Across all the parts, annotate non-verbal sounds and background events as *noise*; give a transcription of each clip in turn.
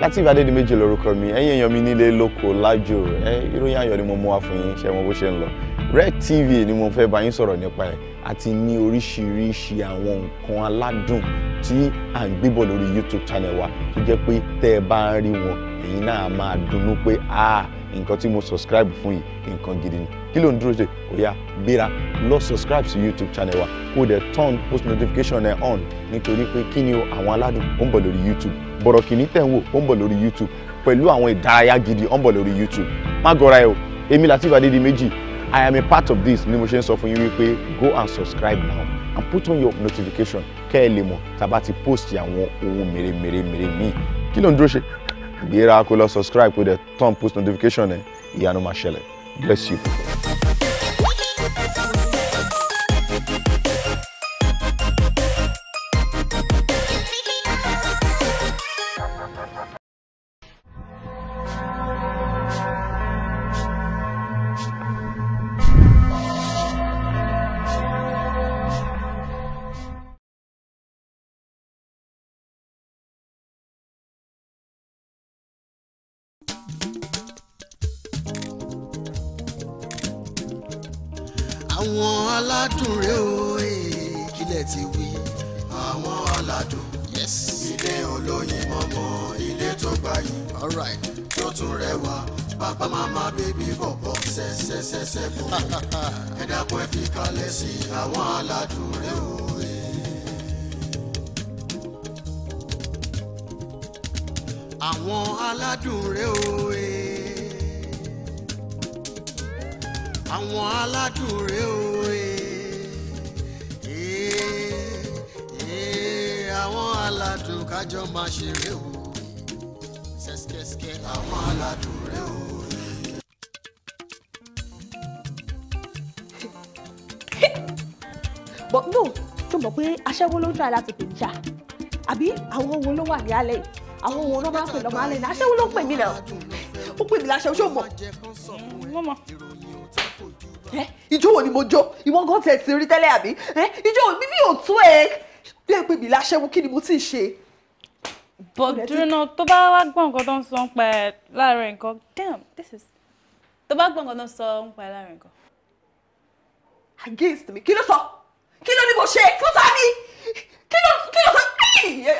Lateef Adédìméjì lorúkọ mi ẹ̀yin èèyàn mi nílé lóko lájò ẹ ìròyìn ayọ̀ ni mo mú wá fún yín ṣe mọ̀ bó ṣe ń lọ Rec TV ni mo fẹ́ bá yín sọ̀rọ̀ nípa ẹ̀ àti ní oríṣiríṣi àwọn nǹkan aládùn tí à ń gbébọ̀ lórí YouTube channel wa tó jẹ́ pé tẹ́ ẹ bá ń rí wọn èyí náà máa dunnú pé ah, nǹkan tí mo subscribe fún yìí nǹkan gidi ni kí ló ń dúró ṣe ó gbéra lọ subscribe sí youtube channel wa kó o dẹ̀ turn post notification ẹ̀ on nítorí pé kí ni o àwọn aládùn ó ń bọ̀ lórí youtube bọ̀rọ̀ kìíní tẹ̀ ń wò ó ń bọ̀ lórí youtube pẹ̀lú àwọn ìdárayá gidi ó ń bọ̀ lórí youtube má gọra ẹ o èmi Lateef Adédìméjì i am a part of this ni mo ṣe ń sọ fún yín wípé go and subscribe now and put on your notification kẹ́ ẹ lè mọ̀ tàbá ti post àwọn ohun mèremèremère míì kí ló ń dúró ṣe gbéra kó lọ subscribe kó dẹ̀ turn post notification ẹ̀ ìyanu máa ṣẹlẹ̀. Bless you. aládùn rẹ o ìkìlẹ̀ eh, ti wí. àwọn aládùn ilé olóyin mọ́mọ́ ilé tó gbayì tó tún rẹwà bàbá màmá bèbí bọ̀bọ̀ ṣẹṣẹṣẹṣẹ bò *laughs* ẹ dákun ẹ fi kalẹ̀ sí àwọn aládùn rẹ o. Eh. àwọn aládùn rẹ o. Eh. àwọn aládùn rẹ o. aládùn kájọ máa ṣeré o ṣẹṣkẹṣkẹ àwọn aládùn rẹ o. bọ̀ no tó mọ̀ pé aṣẹ́wó ló ń dá láti pè níjà àbí àwọn wo ló wà ní alẹ́ yìí àwọn wo ló máa ń pè lọ́mọ alẹ́ ní aṣẹ́wó ló ń pè mí náà ó pè mí láṣẹ oṣù mọ̀. wọ́n mọ̀ ẹ ìjọ wo ni mo jó ìwọ gan tẹ̀ sí rí tẹ́lẹ̀ àbí ìjọ wo bíbí ò tú ẹ bí ẹ pè mí láṣẹ́wó kí ni mo ti ṣe. bọ̀dúnà tó bá wá gbọ́ nǹkan tó ń sọ ń pa láàárín nǹkan damn this is tó bá gbọ́ nǹkan tó ń sọ ń pa láàárín nǹkan. against me, kí ló sọ kí ló ní mo ṣe fún sami kí ló kí ló sọ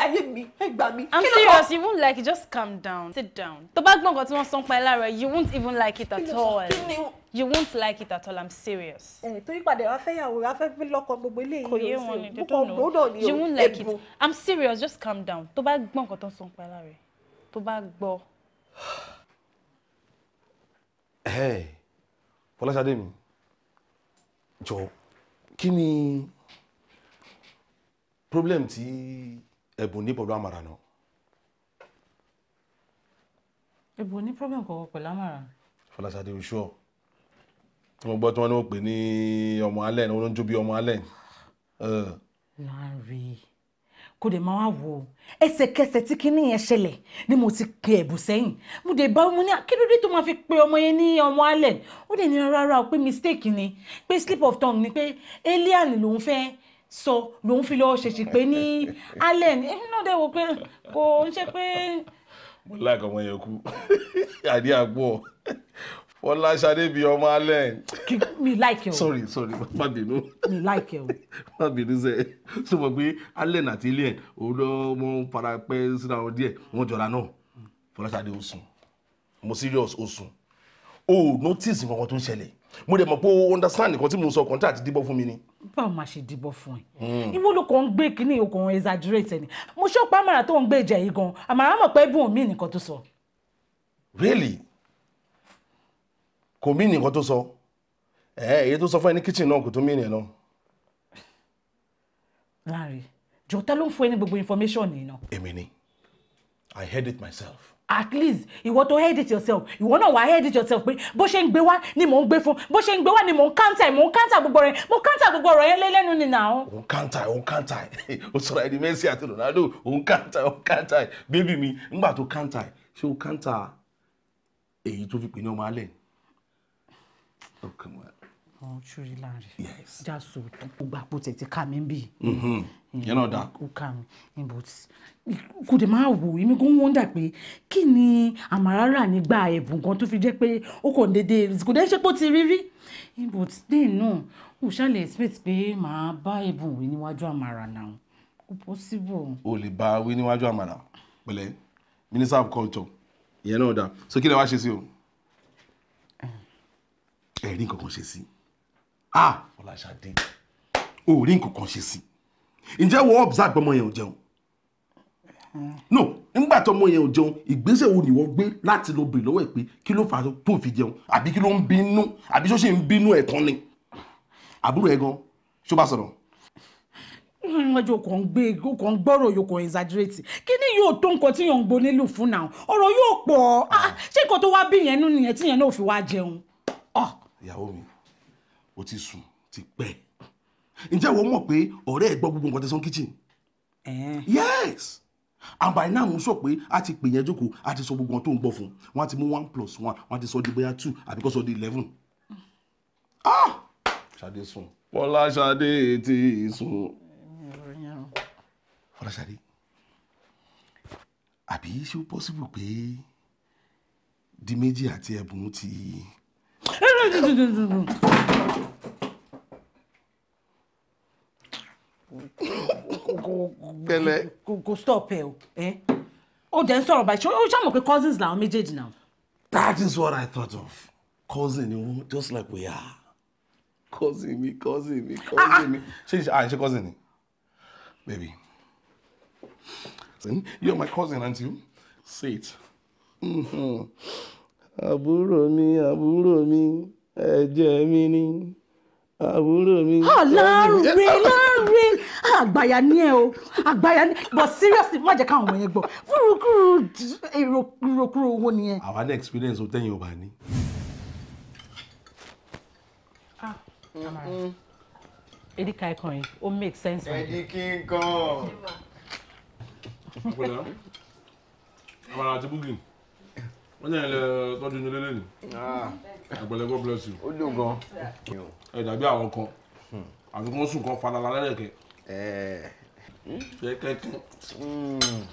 ayé mi ẹ gbà mí. i'm serious you won't like it just calm down sit down tó bá gbọ́n one tí wọ́n sọ pa ẹ you won't even like it at all you won't like it at all i'm serious. ẹ torí padà wá fẹ́yàwó wá fẹ́ fi lọ́kọ gbogbo eléyìí kò yé wọn ni don't know you won't like it i'm serious just calm down tó bá gbọ́n one tó ń sọ pa ẹ lára ẹ tó bá gbọ́. fọláṣadé mi jọ kí problem ti ẹ̀bùn ní pẹ̀lú àmàrà náà. ẹ̀bùn ní problem kọ̀ọ̀kan pẹ̀lú àmàrà. fọláṣadé oṣù ọ tí mo gbọ́ tí wọ́n ní ó pè ní ọmọ alẹ́ ní olóńjó bíi ọmọ alẹ́. Eh. láàárì kò dé máa wá wò ó ẹsẹ̀kẹsẹ̀ tí kinní yẹn ṣẹlẹ̀ ni mo ti pe ẹ̀bùn sẹ́yìn mo dé bá mo ní akérèdé tó máa fi pe ọmọ yẹn ní ọmọ alẹ́ ó dẹ̀ ní rárá o pé mistake ni pé slip of tongue ni pé alien lòún fẹ́ so lòun fi lọ ṣèṣì pé ní allen èmi náà dẹ̀ wò pé kò ń ṣe pé. mo láàkọ ọmọ yẹn kú *laughs* àdí àgbọ fọláṣadé bíi ọmọ allen. mi like ẹ o. sorry sorry má bínú. mi like ẹ o. má bínú sẹ ṣe mọ pé allen àti ilé ẹ òun lọ mọ parapẹ síra wọn díẹ̀ wọn jọra náà fọláṣadé o sùn mo serious ó sùn o notice nǹkan tó ń ṣẹlẹ̀ mo dẹ̀ mọ̀ pé o understand nǹkan tí mo sọ kọ́ńtà àti díbọ́ fún mi ni. báwo máa ṣe díbọ́ fún ẹ hmm. ìwọ ló kàn ń gbé kínní o exaggerate ni mo ṣe ọ̀pá àmàrà tó ń gbé ìjà yìí gan àmàrà mọ̀ pé bùn mí nìkan tó sọ. really kò mí nìkan tó sọ ẹ èyí tó sọ fún ẹ ní kitchen náà kò tó mí nìyẹn náà. láàrin jọ̀ọ́ ló ń fún ẹ ní gbogbo information yìí náà. èmi ni i heard it myself at least ìwọ tó head it yourself ìwọ náà wàá edit yourself pé bó ṣe ń gbé wá ni mò ń gbé fún bó ṣe ń gbé wá ni mò ń counter mò ń counter gbogbo rẹ mo counter gbogbo ọ̀rọ̀ yẹn lẹ́lẹ́nu ni now. òun counter òun counter o sọ̀rọ̀ ẹni Messi àti Ronaldo òun counter òun counter bébì mi ńgbà tó counter ṣé o counter èyí tó fi pè ní ọmọ alẹ́ ọkàn oh, wa àwọn ṣúrí láàrin já sòótọ́ gbogbo àpò tẹ̀tẹ̀ ká mi bì yẹn náà dá ó ká mi níbo tí kò dé máa wò èmi kò ń wọ́ndà pé kí ni àmàrà rà nígbà ẹ̀bùn kan tó fi jẹ́ pé ó kàn dédé kò dé ṣe pé ó ti rí rí níbo tí dé náà ó ṣàlẹ̀ expect pé màá bá ẹ̀bùn wí níwájú àmàrà náà kò possible. o lè bá wí níwájú àmàrà pẹ̀lẹ́ minister of culture yẹn náà dá so kí lè wá ṣe sí o eh. ẹ̀rí nǹkan kan ṣe sí i ah ọ̀làṣàdé ò rí nǹkan kan ṣe sí ǹjẹ́ wọ́n observe ọmọ yẹn ò jẹun no nígbà tó ọmọ yẹn ò jẹun ìgbésẹ̀ wo ni wọ́n gbé láti lọ bèrè lọ́wọ́ ẹ̀ pé kí ló fà á tó fi jẹun àbí kí ló ń bínú àbí ṣó ṣe ń bínú ẹ̀ tán ni àbúrò ẹ̀ gan ṣó bá sọ̀rọ̀ ọjọ́ kò ń gbé kò ń gbọ́rọ̀ yóò kò ń exaggerate kí ni yóò tó nǹkan tí yóò ń gbóni lù fún náà ọ̀rọ̀ yóò pọ̀ ah, ṣé nǹkan tó wá bí yẹn nú nìyẹn tí yẹn náà ò fi wá jẹun. ìyàwó mi ó ti sùn ti pẹ́ ǹjẹ́ wo mọ̀ pé ọ̀rẹ́ ẹ̀ gbọ́ gbogbo nǹkan tẹ̀sán kitchen. yes and by now mo sọ pé a ti pè yẹn jókòó a ti sọ gbogbo ohun tó ń gbọ́ fún wọn ti mú one plus one wọn ti sọ di bóyá two àbí kó sọ di eleven. ah ṣadé sùn. bọ́lá ṣadé ti sùn. bọ́lá ṣadé àbí ṣé ó possible pé di méjì àti ẹ̀bùn ti. pẹ̀lẹ́. kò stop ẹ o ó dẹ̀ ń sọ̀rọ̀ báyìí ó ṣàmọ̀ pé cousins làwọn méjèèjì náà. that is what i thought of cousin ni wọn just like we are cousin mi cousin mi cousin ah, ah. mi ṣe à ń ṣe cousin ni baby you are my cousin aren't you say it. Mm-hmm. àbúrò mi àbúrò mi ẹ̀jẹ̀ mi ni àbúrò mi. ọ̀làrè láre àgbàyà ni ẹ o àgbàyà ni but seriously má jẹ́ káwọn ọmọ yẹn gbọ́ fúrukúrú èròkúrò owó nìyẹn. àwa ní experience o tẹ́yìn ọba ni. èdè ká ẹ̀kan yìí O make sense. èdè kí n kàn. àbàrà àti búgìn wọ́n ní ẹ̀lẹ́ tọ́jú ní lélẹ́ ah. ni àgbẹ̀lẹ̀ God bless you. ó dùn gan. ẹ dàbí àwọn kan hmm. àfi kí wọ́n sùn kan falala lẹ́lẹ̀kẹ́. Eh. Hmm. kẹ́kẹ́ hmm.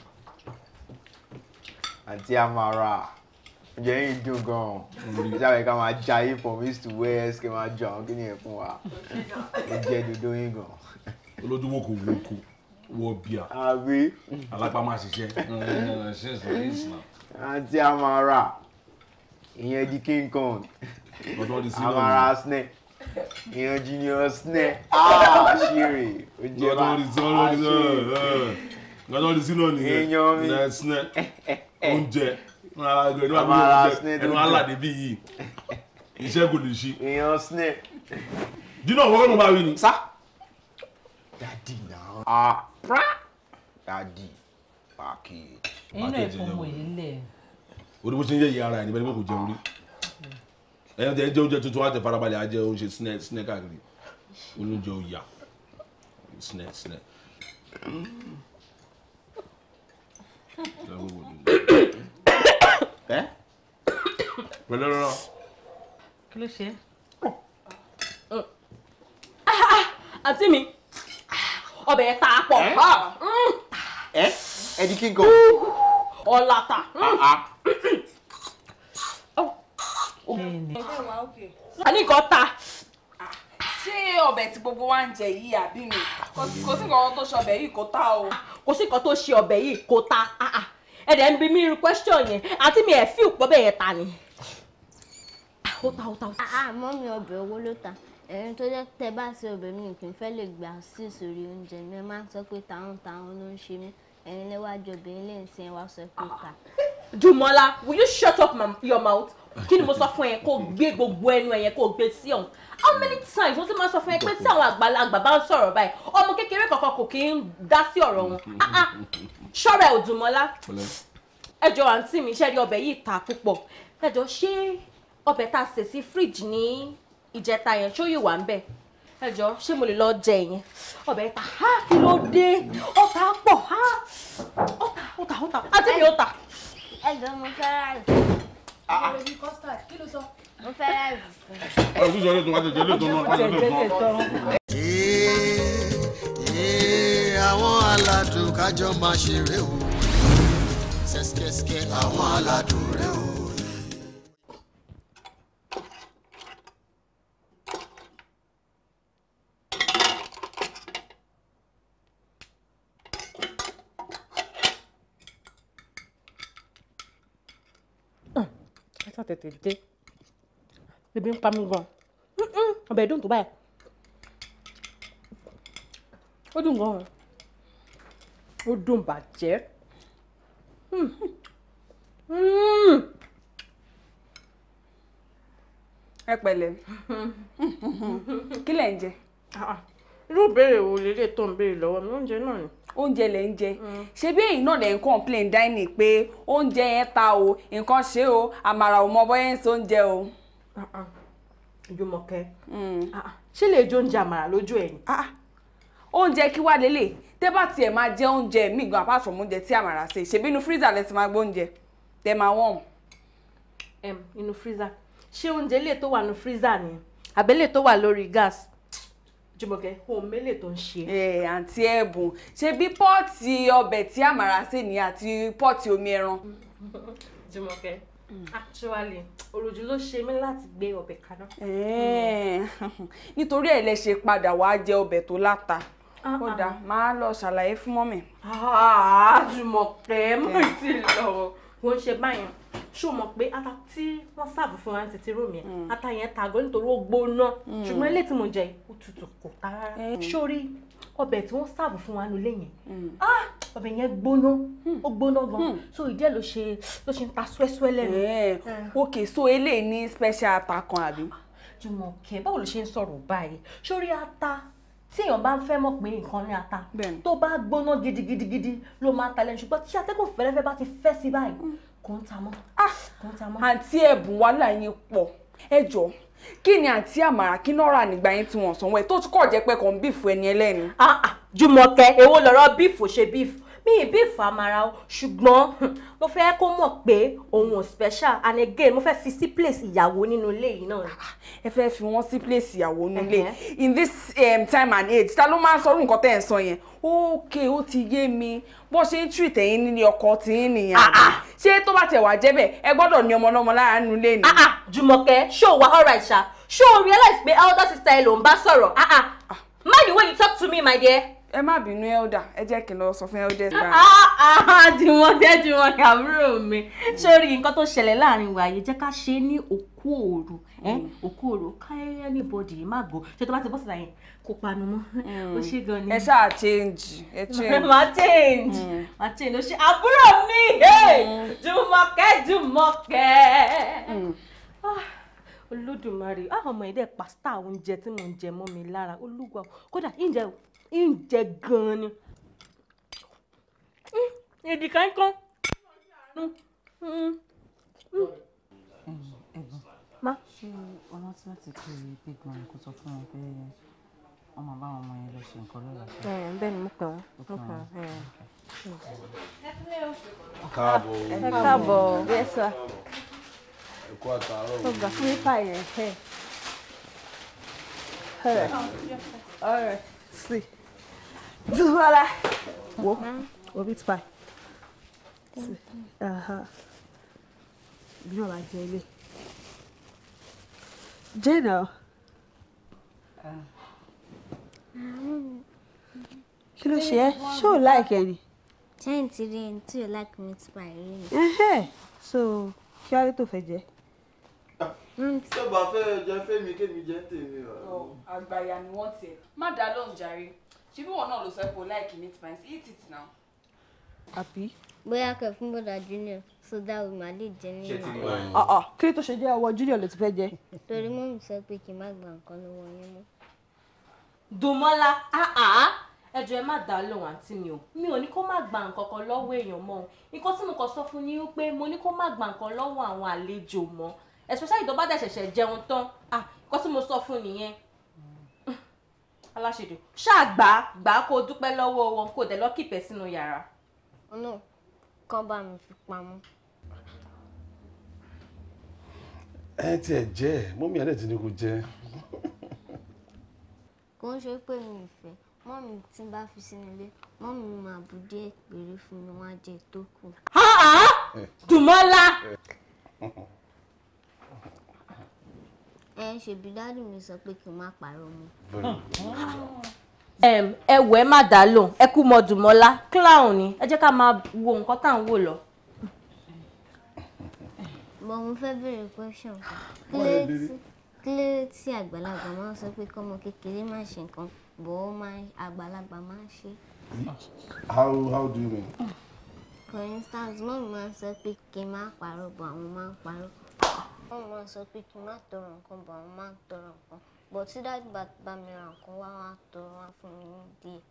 àti amara ǹjẹ́ yìí dùn gan ìsàlẹ̀ ká máa ja yìí from east to west kí n máa jọ àwọn kí ni ẹ̀ fún wa ó jẹ́ dodo yín gan. olójú wo kò wo kò wọ bíà alápá máa ṣiṣẹ́ ṣe é sọ ní ìsìlá àǹtí amara ìyẹn di king kong amara snẹ ìyẹn junior snẹ ah ṣeré ó jẹ bá a ṣeré gbọ́dọ̀ di sínú ọ̀nìyàn èèyàn mi snẹ oúnjẹ amara snẹ tó ń jẹ ẹnu aládé bí yìí iṣẹ́ kò lè ṣe. èèyàn snẹ. dínà ọ̀wọ́ kọ́nà máa rí ni. sá dadi náà. ah pra dadi package ẹ̀yin náà ẹ̀fọ́ mọ̀ èyí lẹ̀. orí bó ṣe ń yẹ ìyá ara ẹ̀ níbẹ̀ ni pé kò jẹun rí ẹ̀yin tẹ̀ ẹ́ jẹ́ oúnjẹ tuntun wá tẹ̀ farabalẹ̀ á jẹ oúnjẹ sinẹ́ káàkiri olóúnjẹ òyà sinẹ́ sinẹ́. *coughs* ẹ pẹ̀lú ọ̀rọ̀. kí ló ṣe é. Ah, ah, àǹtí mi ọbẹ̀ ẹ̀ pọ̀. Eh? Eddie di ah, ah. oh. kí n gan. ah. a Oh. nǹkan ta. ṣé ọbẹ̀ tí gbogbo wa ń jẹ yìí àbí mi kò sí nǹkan tó ṣe ọbẹ̀ yìí kò ta o. kò sí nǹkan tó ṣe ọbẹ̀ yìí kò ta ah, ẹ̀dẹ̀ ń bi mí irú question yẹn àti mi ẹ̀ fí òpó bẹ́ẹ̀ ta ni. ó ta ó ta ó ta. ta ẹ̀rín tó jẹ́ tẹ́ bá ṣe ọbẹ̀ mi fẹ́ lè gbà sí ìsòrí oúnjẹ mi ẹ máa ń sọ pé táwọn táwọn ló ń ṣe mí ẹ̀yin lẹ́wájú obìnrin lè ń sin ẹ wá sọ pé ká. Dùmọ́lá will you shut up your mouth kí ni mo sọ fún ẹ kó gbé gbogbo ẹnu ẹ kó gbé sí ọ̀hún how many times mo ti máa sọ fún ẹ pé tí àwọn àgbàlagbà bá ń sọ̀rọ̀ báyìí ọmọ kékeré kankan kò kí ń dá sí ọ̀rọ̀ wọn ah, ah. ṣọ́ra ẹ̀ òdùmọ́lá ẹjọ́ àǹtí mi ṣẹ́ni ọbẹ̀ yìí ta púpọ̀ ẹjọ́ ṣé ọbẹ̀ tá a sí fíríjì ní ìjẹta yẹn ṣó yìí wà ń bẹ̀ ẹ jọ ṣé mo lè lọ jẹ yẹn ọbẹ̀ ta ha kí ló dé ọ̀tá pọ̀ ha ọ̀tá ọ̀tá ọ̀tá àti mi ọ̀tá. ẹ jọ mo fẹ́ ráàyè. Ah, ah. kí mo fẹ́ ráàyè. ọ̀sùn sọ lóòótọ́ wá tètè àwọn aládùn kájọ máa ṣeré o ṣẹ́ṣkẹ́ṣkẹ́ àwọn aládùn rẹ o. tó dé ebi ń pa mí gan ọbẹ̀ dùn tó báyìí ó dùn gan ó dùn bàjẹ́ mm-hmm. Mm-hmm. ẹ pẹ̀lẹ́ mm-hmm. kí lẹ ń jẹ. Ah, ah. irú ìbéèrè wo lélẹ̀ tó ń béèrè lọ́wọ́ mi oúnjẹ náà ni oúnjẹ lẹ ń jẹ mm. ṣebí èyí náà lẹ ń complain dining pé oúnjẹ yẹn ta o nǹkan ṣe o àmàrà ò mọ bọ́yẹ́ ń so oúnjẹ o. Jùmọ̀kẹ́ mm. ṣé lè jó oúnjẹ àmàrà lójú ẹ̀yìn. oúnjẹ kí wá lélẹ̀ tẹ́ bá tiẹ̀ máa jẹ oúnjẹ míì gan apart from oúnjẹ tí àmàrà ṣe ṣebí inú freezer lẹ ti máa gbọ́ oúnjẹ tẹ́ máa warm. inú freezer ṣé oúnjẹ lè tó wà nù freezer ni àbẹ́lẹ̀ tó wà lórí gas jùmọ̀kẹ́ ohun mélòó tó ń ṣe. ẹ àǹtí ẹ̀bùn ṣe bí pọ́ọ̀tì ọbẹ̀ tí àmàrà sè ní àti pọ́ọ̀tì omi ẹran. jùmọ̀kẹ́ *laughs* mm. actually òròjú ló ṣe mí láti gbé ọbẹ̀ kaná. *laughs* nítorí ẹ̀ lẹ ṣe padà wàá jẹ ọbẹ̀ tó láta kódà ah, ah. máa lọ ṣàlàyé fún mọ́mì. àjùmọ̀kẹ́ ah, mọ̀ ti lọ wọ́n ń ṣe báyẹn ṣó mọ̀ pé ata tí wọ́n sáàbù fún wa ń tètè rò mí ata yẹn ta àgọ́ nítorí ó gbóná mm. ṣùgbọ́n ilé tí mo jẹ ó tutù kò ta rárá sórí mm. ọbẹ̀ tí wọ́n sáàbù fún wa nílé yẹn mm. ah! ọbẹ̀ yẹn gbóná ó gbóná gan so ìdí ẹ̀ ló ṣe ló ṣe ń ta súẹ́súẹ́ lẹ́nu. Eh, eh. ok so eléyìí ní special ata kan àbí. Ah, jùmọ̀kẹ́ báwo ló ṣe ń sọ̀rọ̀ báyìí sórí ata tí èèyàn bá ń fẹ́ mọ̀ pé nǹkan ní ata tó bá gbóná gidigidigidi ló máa ń ta lẹ́nu ṣùgbọ́n tí atẹ́gùn fẹ́rẹ́fẹ́ bá ti fẹ́ sí báyìí mm. kò ń ta mọ́ ah! kò ń ta mọ́. àǹtí ẹ̀bùn wàhálà yín pọ̀ ẹ jọ kí ni àǹtí àmàrà kí náà rà nígbà yín tí wọ́n sanwó ẹ̀ tó kọ̀ jẹ́ pé kò ń bífù ẹni ẹlẹ́ni. Ah, ah, jùmọ̀kẹ́ èwo lọ̀rọ̀ bífù ṣe bífù mi ì bí ìfàmàrà o ṣùgbọ́n mo fẹ́ kó mọ̀ pé òun ò special and again mo fẹ́ fi sí place ìyàwó nínú ilé yìí náà. ẹ fẹ́ fi wọ́n sí place ìyàwó nínú ilé in this um, time and age ta ló máa ń sọ orúkọ tẹ́ ẹ̀ ń sọ yẹn ókè ó ti yé mi bó ṣe ń treat ẹ̀yin nílé ọkọ tí ń nìyẹn àná ah, ah. ṣé tó bá tẹ̀ wá jẹ́ bẹ́ẹ̀ ẹ gbọ́dọ̀ ní ọmọ ọlọ́mọ lára nínú ilé ni. Ah, jùmọ̀kẹ́ ṣó wa alright ṣá ṣó o realize pé elder sister ẹ ló ń bá sọ̀rọ̀ mind the way you talk to me my dear ẹ má bínú elder ẹ jẹ́ kí n lọ sọ fún elder. jùmọ̀kẹ́ ah, ah, *laughs* jùmọ̀kẹ́ àbúrò mi sórí nǹkan tó ṣẹlẹ̀ láàrin wa yìí jẹ́ ká ṣe é ní òkú òru mm. òkú òru káyẹ́ ní bọ́dì má gbó ṣé tó bá ti bọ́ sílẹ̀ yẹn kó panu mọ́ mm. ó ṣe gan ni. ẹ ṣáà change ẹ *laughs* change. Ma change ma mm. change ó ṣe àbúrò mi jùmọ̀kẹ́ jùmọ̀kẹ́ ah, olódùmarè àwọn ọmọ yìí dẹ̀ pásítà oúnjẹ tí mò ń jẹ mọ́ mi lára olúwa kódà ìjẹun ń jẹ gan-an ni èdè kankan. má. ṣé ọlọ́run tí láti pè é big man kò sọ fún wọn pé wọ́n máa bá àwọn ọmọ yẹn lọ ṣe nǹkan lọ́la. bẹ́ẹ̀ ni mo pè wọ́n mo pè wọ́n. káàbọ̀ káàbọ̀ bẹ́ẹ̀ ẹ̀kọ́ àtàárọ̀ mi. ọgbà fún ipa yẹn. All right sí tí wọ́n ra wo omi ti pa mi náà máa jẹ ilé jẹ́nà. kí ló ṣe ẹ́ ṣé ò láìkẹ́ ni. jẹ́ǹtì rí ẹni tí ò láìkẹ́ mi ti pa ìrírí. so kí wàá lè tó fẹ́ jẹ́. Hmm. tó bá fẹ́ jẹ fẹ́mi kémi jẹ́ tèmi o. àgbàyà ni wọ́n tiẹ̀ má dá lóhùn jàre ṣé bí wọn náà ló sọ pé o láìkì meat pies eat it now. àbí. bóyá kẹ fún bọ́dà junior sódà o máa lè jẹ nínú rẹ. ọ̀ọ́ kí ló tó ṣe jẹ́ ọwọ́ junior ló ti fẹ́ jẹ. torí mọ́mí sọ pé kí n má gba nǹkan lọ́wọ́ yín mọ́. dùnmọ́lá ah, ah, ẹjọ ẹ má dá a lóhùn àǹtí mi o mi ò ní kó má gba nǹkan kan lọ́wọ́ èèyàn mọ́ o nǹkan tí mo kàn sọ fún yín pé mo ní kó má gba nǹkan lọ́wọ́ àwọn àlejò mọ́ especially tó bá dẹ̀ ṣẹ̀ṣẹ̀ jẹun tán ah nǹkan tí mo sọ fún nìyẹn *laughs* aláṣejù ṣáà gbà á gbà á kó o dúpẹ́ lọ́wọ́ wọn kó o dẹ̀ lọ́ọ́ kìpẹ́ sínú yàrá. ọ̀nà oh kan bá mi fi pamọ́. ẹ tiẹ̀ jẹ́ ẹ mọ́mí ẹ̀ ti ní kó jẹ́. kò ń ṣe pé mi ò fẹ́ mọ́mí tí n bá fi sínú ilé mọ́mí mi máa bù díẹ̀ péré fún mi wọ́n á jẹ tó kù. Eh. dùmọ́lá. *laughs* ẹ ṣèbí dádì mi sọ pé kí n má pààrọ̀ mọ́. ẹ wọ ẹ má dá lóhùn ẹ kú mọdùmọlá clown ni ẹ jẹ́ ká máa wo nǹkan tá à ń wò lọ. bọ̀ mo fẹ́ béèrè question kí ló tí àgbàlagbà máa ń sọ pé kọ́mọ kékeré má ṣe nǹkan bọ́ àgbàlagbà máa ṣe. how how do you mean. for instance mọ́mí máa ń sọ pé kí n má pààrọ̀ bọ̀ àwọn máa ń pààrọ̀ wọ́n máa ń sọ pé kí n má tọrọ nǹkan bọ̀ àwọn máa ń tọrọ nǹkan bọ̀ tí dájú bá mi ra nǹkan wá wá tọrọ wá fún mi ní díẹ̀.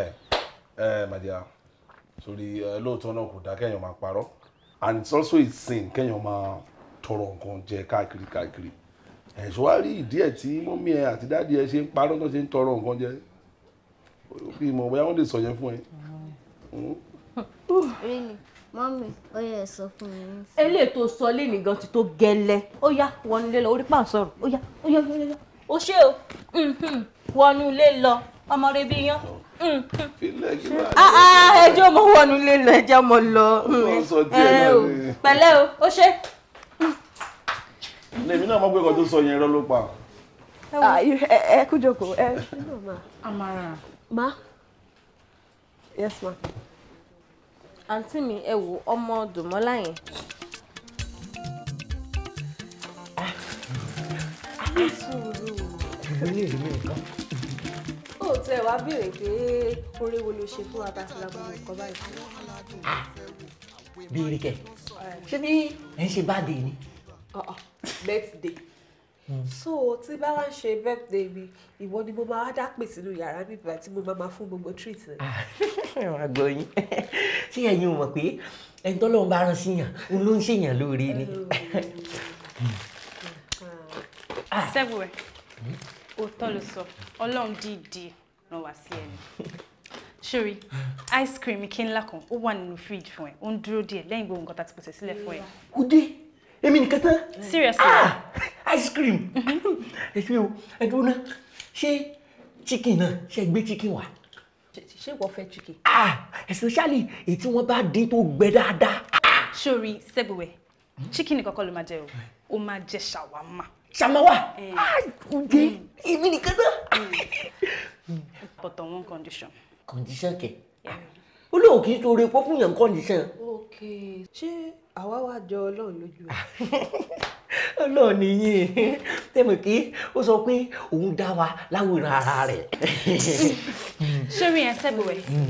ẹ ẹ màdìyà sórí lóòótọ́ náà kò dá kéèyàn máa parọ́ and it's also a sin kéèyàn máa tọrọ nǹkan jẹ káàkiri káàkiri ẹ̀sùn wá rí ìdí ẹ̀ tí mọ́mí ẹ àti dáàdi ẹ ṣe ń parọ́ tó ṣe ń tọrọ nǹkan jẹ bí mo bóyá wọ́n lè sọ yẹn fún ẹ mọ́mí ó yẹ sọ fún mi. eléyìí tó sọ léèní gan ti tó gẹ́lẹ́ ó yá wọnú lé lọ orí pàǹ sọ̀rọ̀ ó yá ó yá ó yá ó ṣe o wọnú lé lọ ọmọ rẹ bí yán ẹjọ́ ah, ah, mo wọnú lé lọ ẹjọ́ mo lọ pẹ̀lẹ́ o ó ṣe. lèmi náà mọ̀ pé nǹkan tó sọ yẹn irọ́ ló pa. Ah, ẹ kú jókòó ẹ. Amara. ma. yes ma àǹtí mi ẹ wo ọmọ dòmọ́lá yẹn. Ah, ah. ó tẹ wá béèrè pé oore wo ló ṣe fún wa tàbí ra gbogbo nǹkan báyìí. Ah, béèrè kẹ ṣé bí ẹ ń ṣe báàdì ni. Uh-uh. birthday hmm. so tí bá wá ń ṣe birthday mi ìwọ ni mo máa dá pè sínú yàrá mi bàbá tí mo máa máa fún gbogbo treat rẹ. *laughs* ẹ máa gbọ́ yín sí *laughs* ẹ̀yin ò mọ̀ pé ẹni tó lóun bá rán ni. sẹ́gun *laughs* ah. ẹ̀ e. òótọ́ ló sọ ọlọ́run dìídì ràn wá sí ẹni ice cream ikin lakon, kan ó wà fridge fún undro di, ń dúró díẹ̀ lẹ́yìn gbogbo nǹkan tá a ti pèsè sílẹ̀ seriously. ah ice cream mm-hmm. *laughs* ẹ ṣe o ẹ dúró chicken náà si gbé chicken wá ṣé ìwọ fẹ́ chike. Ah, especially èyí tí wọ́n bá dín tó gbẹ dáadáa. Ah. sori sẹ́gbẹ̀wẹ̀ chicken nìkan kọ́ ló máa jẹ o ó máa jẹ ṣàwámà. ṣàmáwà ǹjẹ́ èmi nìkan náà. Mm. but on one condition. condition kẹ. Yeah ó lóun kì í sọ oore pọ́ fún yàn kọ́ndíṣàn. ok ṣé àwa wá jọ ọlọ́run lójú ẹ. *laughs* ọlọ́run nìyí tẹ̀mọ̀ kí ó sọ pé òun dá wa láwòrán ara rẹ̀. sórí *laughs* yẹn sẹ́gbẹ̀wẹ̀ mm.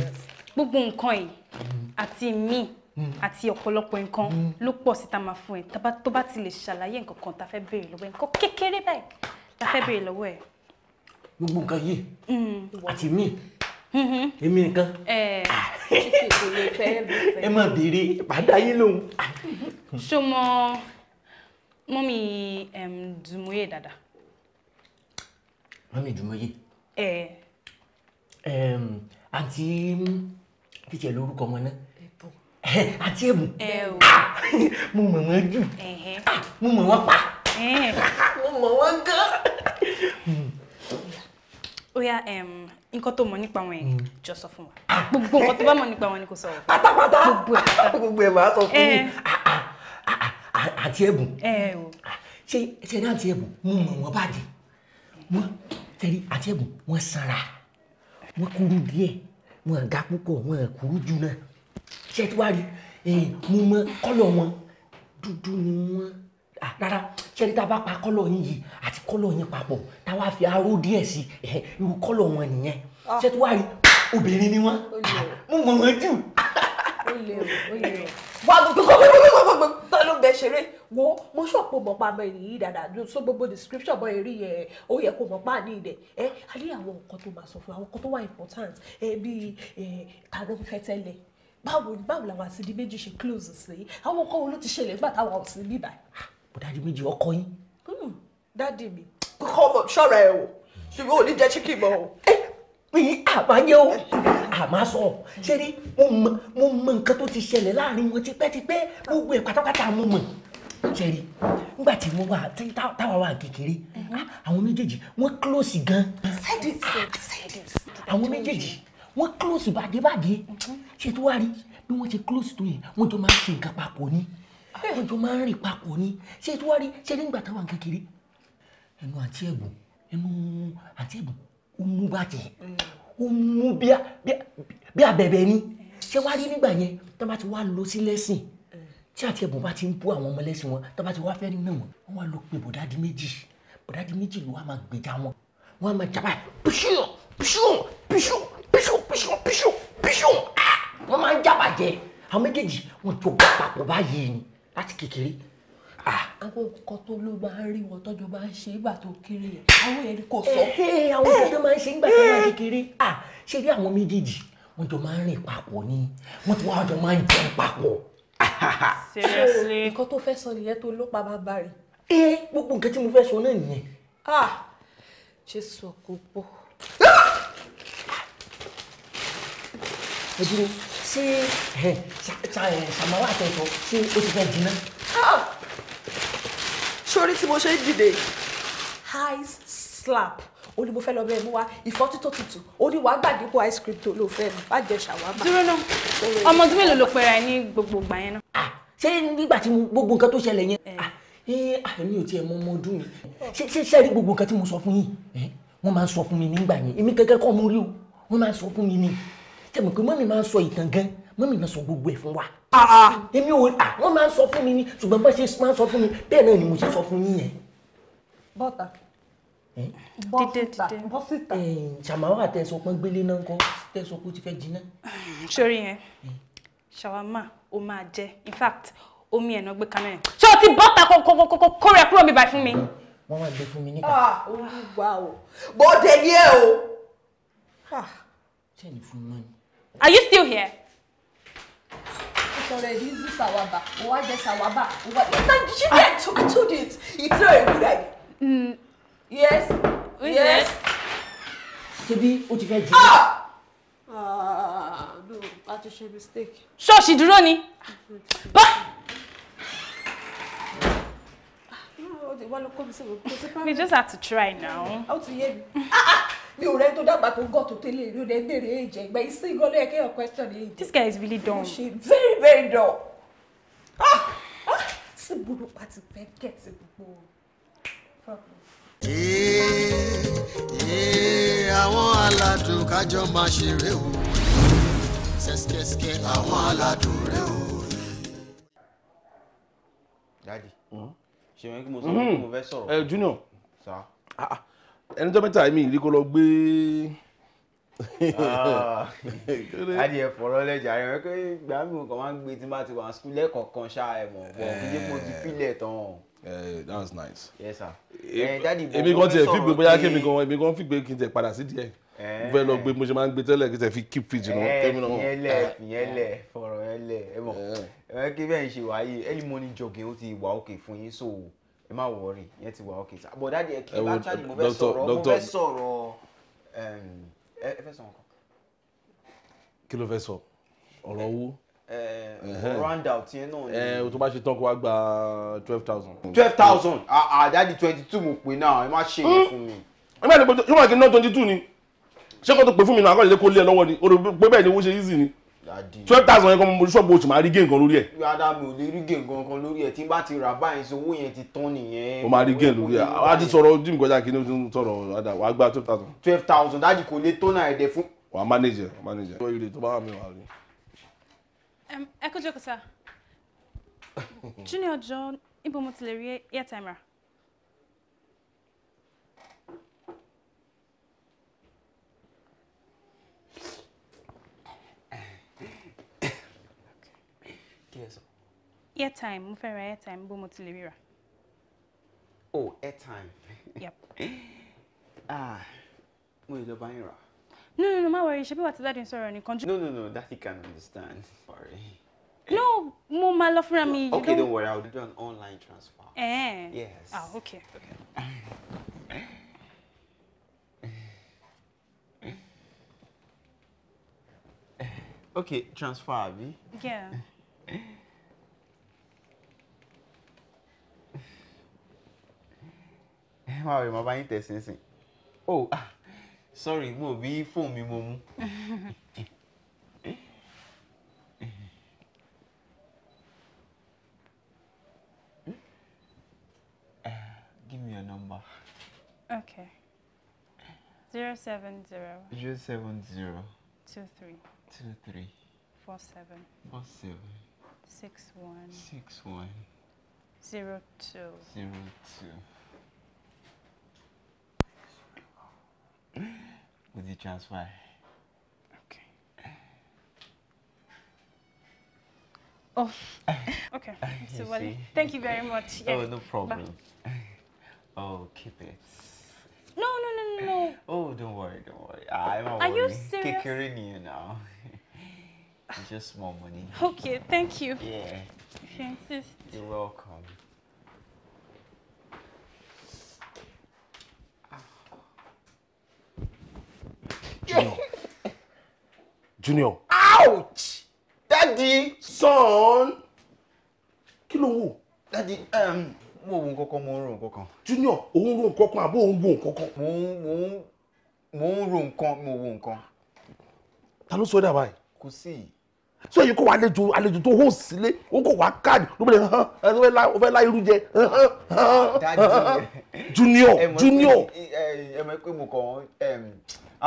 gbogbo nǹkan yìí mm. àti mi mm. àti ọ̀pọ̀lọpọ̀ nǹkan ló pọ̀ síta máa fún ẹ tó bá ti lè ṣàlàyé nǹkan kan tá a fẹ́ béèrè lọ́wọ́ ẹ nǹkan kékeré báyìí la fẹ́ béèrè lọ́wọ́ ẹ. gbogbo nǹkan yìí àti mi Mm-hmm. èmi nìkan eh. *laughs* ẹ má béèrè bàdá yín lòun. ṣó mọ mọ́mí dùmúyè dada. mọ́mí dùmúyè. Eh. àǹtí kíkẹ́ lórúkọ ọmọ náà àti ẹ̀bùn eh, ah, mo mọ̀ wọ́n jù ah, mo mọ̀ wọ́n pa *laughs* mo mọ̀ wọ́n gan. Oya oh um, nǹkan tó mọ̀ nípa wọn yẹn mm. jọ sọ fún wa gbogbo nǹkan tó bá mọ̀ nípa wọn ni kò sọ. pátápátá gbogbo ẹ̀ máa sọ fún yín eh. ah, ah, ah, àti ẹ̀bùn ṣe ṣe ní àti ẹ̀bùn mo mọ̀ wọ́n bàjẹ́ wọ́n tẹ̀lé àti ẹ̀bùn wọ́n sanra wọ́n kúrú díẹ̀ wọ́n ga púpọ̀ wọ́n kúrú jù náà ṣé tí wàá rí eh, mo mọ̀ kọ́lọ̀ wọn dúdú ni wọ́n. Ah, rárá ṣẹ́ni tá a bá pa kọ́lọ̀ yín yìí àti kọ́lọ̀ yín papọ̀ tá a wá fi aró díẹ̀ sí irú kọ́lọ̀ wọn nìyẹn ah. ṣé tí wàá rí obìnrin ni wọ́n ah, mo mọ̀ wọ́n jù. wàá gbogbo tó ló bẹ ṣeré wo mo ṣọ̀pọ̀ mọ̀ pa bẹ́ẹ̀ nìyí dáadáa so gbogbo description bọ́ eré yẹn ó yẹ kó mọ̀ pa ní ilẹ̀ ẹ a ní àwọn nǹkan tó máa sọ fún àwọn nǹkan tó wà important ẹ bíi kàdó fẹ́ tẹ́lẹ̀ báwo báwo làwọn àti di méjì ṣe close sí àwọn nǹkan wo ló ti ṣẹlẹ̀ nígbà táwọn ò sí bíbáyìí bọ̀dáàdì méjì ọkọ yín. Hmm, dáàdì mi kọ́kọ́ ṣọ́ra ẹ̀ o ṣùgbọ́n ò ní jẹ́ chicken mọ́ o. ẹ ìyí àbáyé o àmà sọ ṣé rí mo mọ nǹkan tó ti ṣẹlẹ̀ láàrin wọn tipẹ́tipẹ́ gbogbo ẹ̀ pátápátá mo mọ̀ ṣe rí nígbà tí mo wà táwa wà kékeré mm-hmm. ah, àwọn méjèèjì wọ́n close gan. àwọn méjèèjì wọ́n close bàdébàdé mm-hmm. ṣètò wá rí bí wọ́n ti close tó yẹn wọ́n jọ máa ń ṣe nǹkan papọ̀ ni wọ́n jọ máa ń rìn papọ̀ ni ṣé tí wàá rí ṣé nígbà táwa ń kékeré ẹnu àti ẹ̀bùn ẹnu àti ẹ̀bùn ó mú bàjẹ́ ó mú bí abẹ̀bẹ̀ ni ṣé wàá rí nígbà yẹn tó bá ti wá lọ sí lẹ́sìn tí àti ẹ̀bùn bá ti ń bú àwọn ọmọ lẹ́sìn wọn tó bá ti wá fẹ́ nínú wọn wọ́n wá lọ pé bọ̀dádi méjì bọ̀dádi méjì ló wá máa gbèjà wọn wọ́n máa jàpá píṣùn píṣùn píṣùn píṣùn píṣùn píṣùn píṣùn ah! wọ́n máa láti kékeré. àwọn nǹkan tó ló máa ń rí wọn tọ́jú máa ń ṣe ìgbà tó kéré yẹn àwọn yẹn kò sọ. àwọn nǹkan tó máa ń ṣe ìgbà tó máa kékeré ṣe rí àwọn méjèèjì wọ́n jọ máa ń rìn papọ̀ ni wọ́n ti wá jọ máa ń jẹun papọ̀. seriously nǹkan tó fẹ́ sọ nìyẹn tó ló pa bàbá rẹ̀. ẹ gbogbo nǹkan tí mo fẹ́ sọ náà nìyẹn. jésù ọkọ̀ pọ̀. ẹ dúró ṣé ẹ ṣàmáwá àtẹ̀tọ̀ ṣé ó ti fẹ́ jiná. sórí ah! tí mo ṣe ń dìde eyes slap ó ní mo fẹ́ lọ bẹ́ẹ̀ mú wa ìfọ́tí tó tutù ó ní wàá gbàdínkù ice cream tó lò fẹ́ẹ́ bá jẹ ṣàwámà. dúró náà ọmọ ọdún mélòó ló pera ẹ ní gbogbo ìgbà yẹn náà. Ah, ṣé nígbà tí gbogbo nǹkan tó ṣẹlẹ̀ yẹn eh. ah, èmi ò tiẹ̀ mọ ọmọ ọdún mi ṣé ṣé rí gbogbo nǹkan tí mo sọ fún yín eh, wọ́n máa ń sọ fún mi nígbà yẹn èmi kẹ́kẹ́ kọ́ mo rí o wọ́n máa ń sọ fún mi ni tẹ̀mọ̀ pé mọ́mí máa ń sọ ìtàn gan mọ́mí máa sọ gbogbo ẹ̀ fún wa. Ah, ah. èmi ò à ah, wọ́n máa ń sọ fún mi ni ṣùgbọ́n bá ṣe máa ń sọ fún mi bẹ́ẹ̀ náà ni mo ṣe sọ fún yín yẹn. bọ́tà bọ́sítà ṣàmáwá àtẹ̀sọ pọ́n gbélé náà kọ́ tẹ̀sọ pé ó ti fẹ́ jiná. sórí yẹn ṣàwámà ó máa jẹ in fact omi ẹ̀ náà gbé kaná yẹn ṣé o ti bọ́tà kó rẹ kúrò mi fún mi. wọ́n wá gbé fún mi níta. olúwa o bọ́ọ̀dẹ̀ ni ẹ o. ṣé ẹni fún mọ́ni. Are you still here? It's already this is our bar. this our bar? What? Did you get? I, told, it. It's not a good idea. Mm. Yes. Who yes. Ṣebí o ti fẹ́ jù. Ah! Ah, no, a ti ṣe mistake. Ṣọ́ọ̀ṣì dúró ni. Bá. We just have to try now. How to hear Ah ah! tó dàgbà tó gọ̀ tó tẹ́lẹ̀ rí o dẹ̀ béèrè èjẹ̀ ìgbà yìí sí ìgọ́lẹ̀ ẹ̀kẹ́ your question èyí. this guy is really dumb. she very very dumb. sí ah! ah! gbogbo pàtì fẹ́ kẹ̀ sí gbogbo problem. ee eh, eh, àwọn aládùn kájọ máa ṣeré o ṣẹ́ṣkẹ́ṣkẹ́ àwọn aládùn rẹ o. dadi hmm? ṣe wọn kí mo sọ pé mo fẹ́ sọ̀rọ̀. Eh, junior. sa ẹni tó mẹ́ta mi ìrí kó lọ gbé. adìẹ ah. *laughs* fọ̀rọ̀ lẹ́jà rẹ̀ wẹ́n pé gbà mí nǹkan máa ń gbé tí n bá ti wà ní sukùl lẹ́ẹ̀kọ̀ọ̀kan ṣáà ẹ̀ mọ̀ bọ̀ bíjẹ́ mo ti eh. fílẹ̀ tán. Eh, that's nice. yes sir. Eh, èmi kan tiẹ̀ fi gbé bóyá kémi kan èmi kan fi gbé kí n tẹ̀ padà sí díẹ̀ mo fẹ́ lọ gbé mo ṣe máa ń gbé tẹ́lẹ̀ kí n tẹ̀ fi keep fit nù. ìyẹn lẹ fọ̀rọ̀ yẹn lẹ ẹ mọ̀ ẹ kí bẹ́ẹ̀ ń ṣe wáyé early morning jogging ó ti wà òkè fún yín so ẹ má wọrí yẹn ti wà ókè sá bọ̀dá díẹ̀ kí n bá ṣáàjì mo fẹ́ sọ̀rọ̀ mo fẹ́ sọ̀rọ̀ um, ẹ fẹ́ sọ kí ló fẹ́ sọ ọ̀rọ̀ owó. Eh, round out yẹn náà ni. ẹ eh, o tó bá ṣe tán kó wá gba twelve thousand. twelve thousand àdáàdì ah, ah, twenty two mo pè náà ẹ má ṣe yẹn fún mi. ẹ má lè pe yóò máa kí n ná twenty two ni ṣé kó tó pè fún mi náà akọ́lẹ̀ lé kó lé ẹ lọ́wọ́ ni o rò pé bẹ́ẹ̀ ni owó ṣe easy ni twelve thousand yẹn kan mo ṣọ́ọ̀bù oṣù máa rí gain kan lórí ẹ̀. rárá mi ò lè rí gain kankan lórí ẹ̀ tí n bá ti rà báyìí sọ owó yẹn ti tán nìyẹn. o máa rí gain lórí ẹ̀ a ti sọ̀rọ̀ jim kọjá kí ni o ti ń sọ̀rọ̀ ada wàá gba twelve thousand. twelve thousand dájú kò lè tó náà ẹ̀dẹ̀ fún. wà á manage ẹ̀ manage ẹ̀. ẹ kó jókòó junior john ibo mo ti lè rí airtime rà. kí airtime mo fẹ́ airtime bó mo ti lè ríra. oh airtime. yep. *laughs* ah mo lè lọ bá yín rà. no no no má worry ṣe bí wàá ti dáadé sọ̀rọ̀ nìkan. no no no daddy can understand sorry. no mo máa lọ fúnra mi. okay don't... worry i will do an online transfer. Eh. yes. ah okay. okay. *laughs* Okay, transfer, abi? Yeah ẹ my rẹ̀ máa bá yín oh ah sorry mo bí fóònù me, mum. mú. Give me your number. Okay. Zero seven zero. Zero seven zero. Two three. Two three. Four seven. Four seven. Six one. Six one. Zero two. Zero two. *laughs* With the transfer. Okay. Oh. *laughs* okay. so well, thank you very much. Oh, yeah. Oh no problem. Bye. *laughs* Oh, keep it. No, no, no, no, no. Oh, don't worry, don't worry. I'm Are worry. you serious? Kikirin you now. just more money. Okay, thank you. Yeah. If you insist. You're welcome. Junior. Junior. Ouch! Daddy! Son! Kilo. ló Daddy, um, mo wo nǹkan mo ń ro Junior, òun ro nǹkan kan àbó òun wo nǹkan Mo ń mo ń mo ń ro nǹkan, mo wo nǹkan. Ta ló sọ dà báyìí? so èyí kò wá àlejò àlejò tó hó sílé ó kò wá káàdì ló bẹ̀rẹ̀ hàn hàn ó fẹ́ lá irú jẹ junior *laughs* junior. ẹ mọ̀ pé mo kàn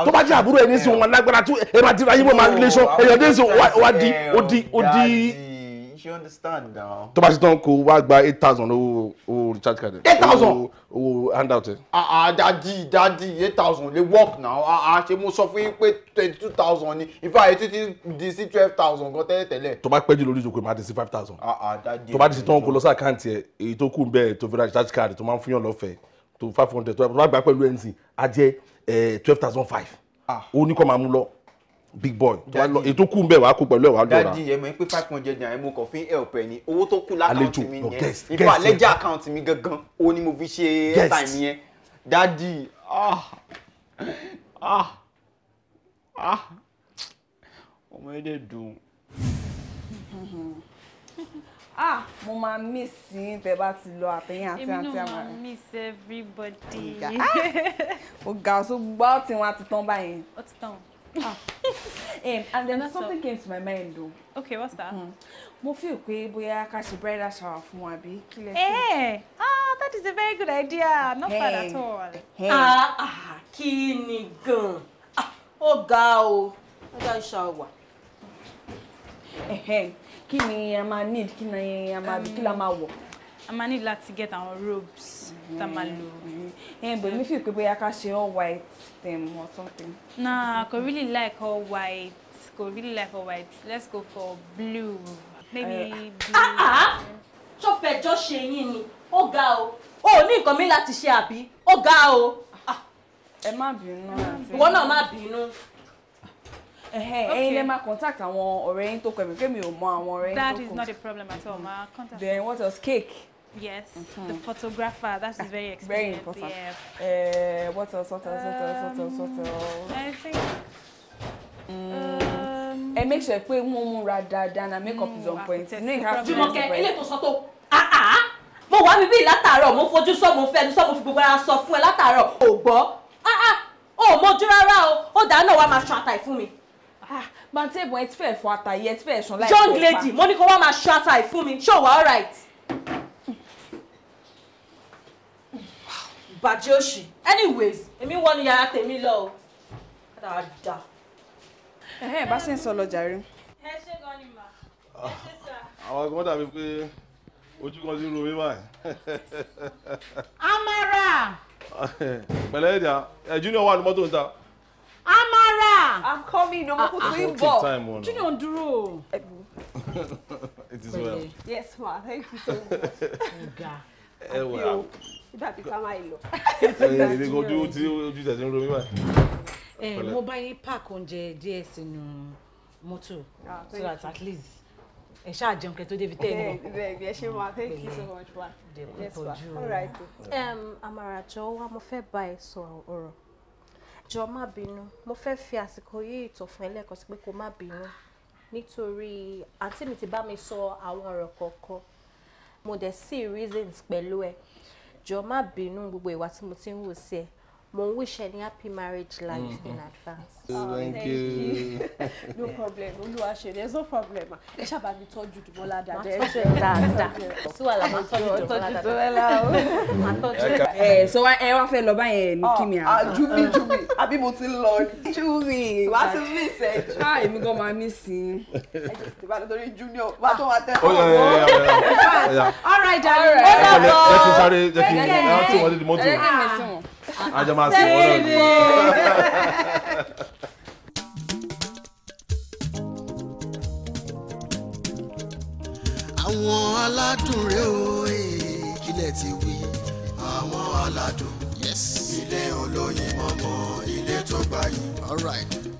tó bá jẹ́ àbúrò ẹni sí wọn lágbára tó ẹ máa dira yín mọ́ máa lé sọ ẹ̀yọ́ wá di ó di oh, She understand now. tó bá ṣe tán kó wá gba eight thousand owó owó recharge card. eight thousand owó handout ẹ. ah ah dadi dadi eight thousand lè work now ah ah ṣe mo sọ fún yín pé twenty two thousand ni in fact eighty two di sí twelve thousand gan tẹ́lẹ̀ tẹ́lẹ̀. tó bá pẹ́ jù lórí ìjókòó máa di sí five thousand. ah ah dadi tó bá ti ṣe tán kó lọ sí àkáǹtì ẹ èyí tó kù bẹ́ẹ̀ tó fi ra recharge card tó máa ń fún yàn lọ́fẹ̀ẹ́ tó five hundred tó bá gbà pẹ̀lú ẹ̀ ń sìn á jẹ́ eh, twelve thousand five ah. ó ní kó máa mú lọ big boy tó wá lọ ètò kù ń bẹ̀ wá kó pẹ̀lú ẹ̀ wá lọ́ra. dadi ẹ̀mọ ẹ pé five hundred naira mo kàn fi help ẹ ni owó tó kù lákàntì mi yẹn ìfọ àlẹ́jà àkàntì mi gangan o ni mo fi ṣe airtime yẹn dadi ah ah ah ọmọ yẹn dẹ̀ dùn. *laughs* ah mo máa miss yín tẹ bá ti lọ àtẹyìn àti àti àmàlà. èmi náà máa miss everybody. ó ga ọ̀ṣun gbọ́ tiwọn àti tán báyìí. ó ti tán. Ah um, and then and something came to my mind though. okay what's that. Hmm. mo feel pé bóyá ká ṣe bridal shower fún wa bí. eh ah that is a very good idea not hey. bad at all. Hey. ah ah kí ni gan-an ah, ó ga o bridal shower. Eh, kí ni a máa need kí ni a máa um, kí la máa wọ̀ a máa need láti get our robes tá a máa mm-hmm. lò. Mm-hmm. but mi feel pé bóyá ká ṣe all white them or something. na kò really like all white kò really like all white let's go for blue maybe uh, blue. tó ah, ah, ah. fẹjọ́ ṣe yín ni ó ga o ò ní nǹkan mi láti ṣe àbí ó ga o. ẹ má bínú mm-hmm. àti. ìwọ náà má bínú ẹ̀yin lè máa contact àwọn ọ̀rẹ́ yín tó kọ ẹ̀mí pé mi ò mọ àwọn ọ̀rẹ́ yín tó kọ. that is not a problem at all ma contact. then what else cake. Yes, mm-hmm. the photographer. That is very expensive. *laughs* Very important. Yeah. Uh, what else? What else? What else? What else? What um, else? I think. Mm. Um, and eh, make sure pé wọ́n múra dáadáa na makeup mm, is on point. No, you have to. Jùmọ̀kẹ́ ilé tó sọ tó ah ah mo wá bíbí látàárọ̀ mo fojú sọ mo fẹnu sọ mo fi gbogbo ara sọ fún ẹ látàárọ̀ ò gbọ́ ah ah ò mọjú rárá o ó dáná wa máa ṣan àtàì fún mi. Bàǹtẹ́ ah, ìbọn ẹ ti fẹ́ fọ àtàyè ẹ ti fẹ́ sùn láìpẹ́ pa. Young lady mo ní kó wá máa ṣan àtàì fún mi ṣé ò all right. bàjẹ́ òṣì anyways èmi wọ ni yàrá tèmi lọ o dáadáa. ẹ̀hẹ́n bá ṣe ń sọ lọ jàre. ẹ ṣe gan ni mà ẹ ah, ṣe sà. àwọn ẹgbẹ́ dàbí pé ojú kan ti ro mi báyìí. Amara. pẹ̀lẹ́ ẹ̀dá ẹ̀ junior wà ní mọ́tò ń ta. Amara. I'm coming ọmọ kò ah, tó ń bọ̀ junior ń *laughs* it is well. yes ma thank you so much ẹ wà á dàbí ká máa lọ. èdè kan ojú tí ojú tẹ̀sí ń ro mí báyìí. ẹ mo bá yín park oúnjẹ díẹ̀ sínú mọ́tò ah, so that at least ẹ ṣáà jẹun kẹ tó débi tẹ́ ẹ lọ. bẹ́ẹ̀ni ẹ ṣe máa thank you so much wa. yes wa all right. Amara jọ̀ọ́ wa mo fẹ́ bá ẹ sọ ọ̀rọ̀ jọ̀ọ́ má bínú mo fẹ́ fi àsìkò yìí ìtọ̀ fún ẹ lẹ́ẹ̀kan sí pé kó má bínú nítorí àǹtí mi ti bá mi sọ àwọn ọ̀rọ̀ kọ̀ọ̀kan mo dẹ̀ sí reasons pẹ̀lú ẹ jọ má bínú gbogbo ìwà tí mo ti ń wò sí ẹ mo ń wish ẹ happy marriage life mm. in advance. Oh, thank, thank you. you. *laughs* no problem olúwa ṣe there's no problem ẹ ṣáàbà mi tọ́jú dùmọ́lá dáadáa ẹ ṣe dáadáa sí wàhálà máa tọ́jú dùmọ́lá dáadáa máa tọ́jú dùmọ́lá. ẹ eh, So, wa ẹ wá fẹ́ lọ báyẹn ní oh, kí mi àná. ju mi ju mi àbí mo ti lọ ju mi wàá ti mí ìṣe jù. a èmi gan máa mí sí i. ẹ jẹ́ ti bá nítorí junior wàá tó wàá tẹ́ ọ́. all right darling. ó dàbọ̀ ẹ jẹ́ kí n sáré jẹ́ kí n rántí wọlé di mọ́tò àjọ máa sìn àwọn aládùn rèé o ìkìlẹ̀ eh, ti wí. àwọn aládùn ilé olóyin mọ́mọ́ ilé tó gbayì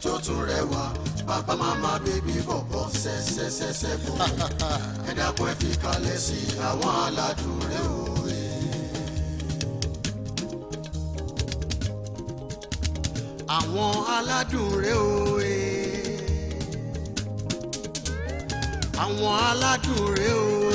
tó tún rẹwà bàbá màmá bèbí bọ̀bọ̀ sẹ́sẹ́sẹ́sẹ́ fún mi *laughs* ẹ̀dá kan fi kalẹ̀ sí àwọn aládùn rèé o. àwọn aládùn rẹ òye àwọn aládùn rẹ òye.